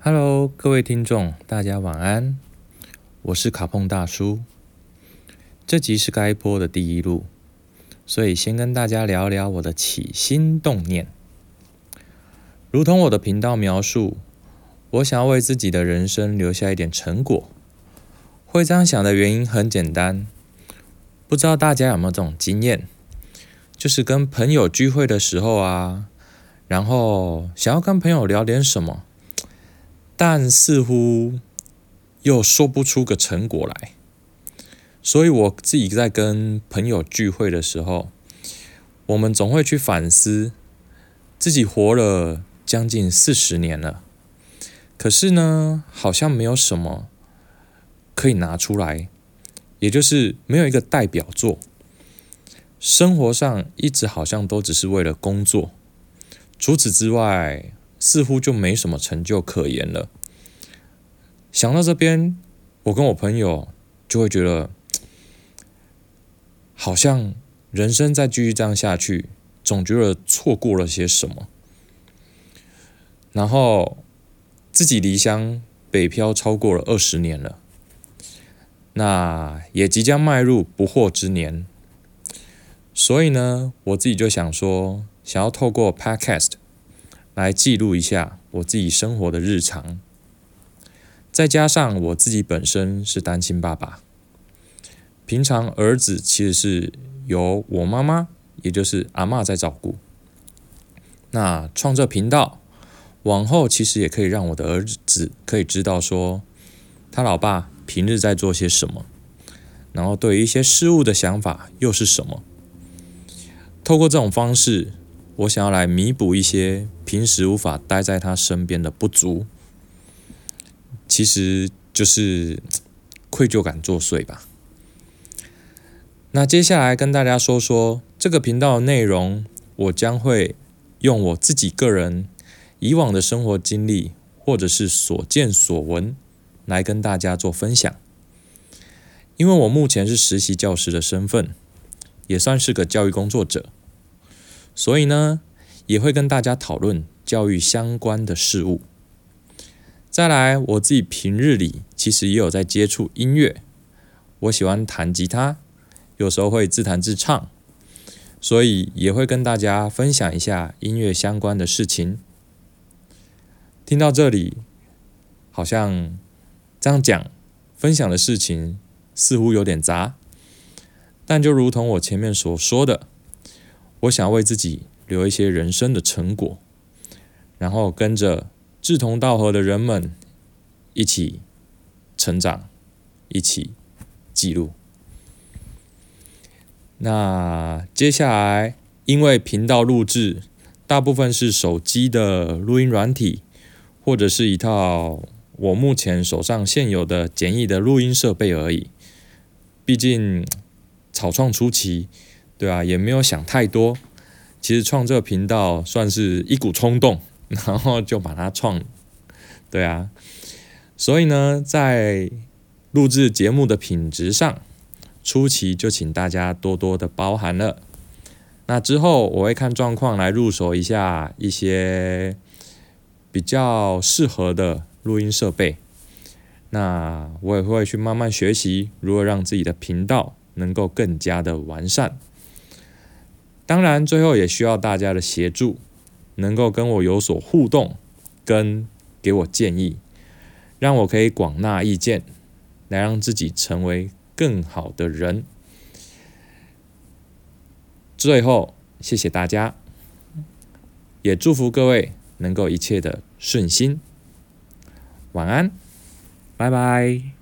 Hello，各位聽眾，大家晚安。我是卡碰大叔。這集是開播的第一錄，所以先跟大家聊聊我的起心動念。如同我的頻道描述，我想要為自己的人生留下一點成果。會這樣想的原因很簡單，不知道大家有沒有這種經驗，就是跟朋友聚會的時候啊，然後想要跟朋友聊點什麼。但似乎又說不出個成果來，所以我自己在跟朋友聚會的時候，我們總會去反思，自己活了將近四十年了，可是呢，好像沒有什麼可以拿出來，也就是沒有一個代表作。生活上一直好像都只是為了工作，除此之外。似乎就沒什麼成就可言了。想到這邊，我跟我朋友就會覺得，好像人生再繼續這樣下去，總覺得錯過了些什麼。然後自己離鄉北漂超過了二十年了，那也即將邁入不惑之年。所以呢，我自己就想說，想要透過 Podcast。來記錄一下我自己生活的日常，再加上我自己本身是單親爸爸，平常兒子其實是由我媽媽，也就是阿嬤在照顧。那創作頻道往後其實也可以讓我的兒子可以知道說，他老爸平日在做些什麼，然後對一些事物的想法又是什麼。透過這種方式。我想要來彌補一些平時無法待在他身邊的不足，其實就是愧疚感作祟吧。那接下來跟大家說說這個頻道的內容，我將會用我自己個人以往的生活經歷或者是所見所聞來跟大家做分享。因為我目前是實習教師的身份，也算是個教育工作者。所以呢，也會跟大家討論教育相關的事物。再來，我自己平日裡其實也有在接觸音樂，我喜歡彈吉他，有時候會自彈自唱，所以也會跟大家分享一下音樂相關的事情。聽到這裡，好像這樣講，分享的事情似乎有點雜，但就如同我前面所說的。我想為自己留一些人生的成果，然後跟着志同道合的人們一起成長，一起記錄。那接下來，因為頻道錄製大部分是手機的錄音軟體，或者是一套我目前手上現有的簡易的錄音設備而已。畢竟草創初期。對啊，也沒有想太多。其實創這個頻道算是一股衝動，然後就把它創。對啊，所以呢，在錄製節目的品質上，初期就請大家多多的包涵了。那之後我會看狀況來入手一下一些比較適合的錄音設備。那我也會去慢慢學習如何讓自己的頻道能夠更加的完善。當然，最後也需要大家的協助，能夠跟我有所互動，跟給我建議，讓我可以廣納意見，來讓自己成為更好的人。最後，謝謝大家，也祝福各位能夠一切的順心。晚安，拜拜。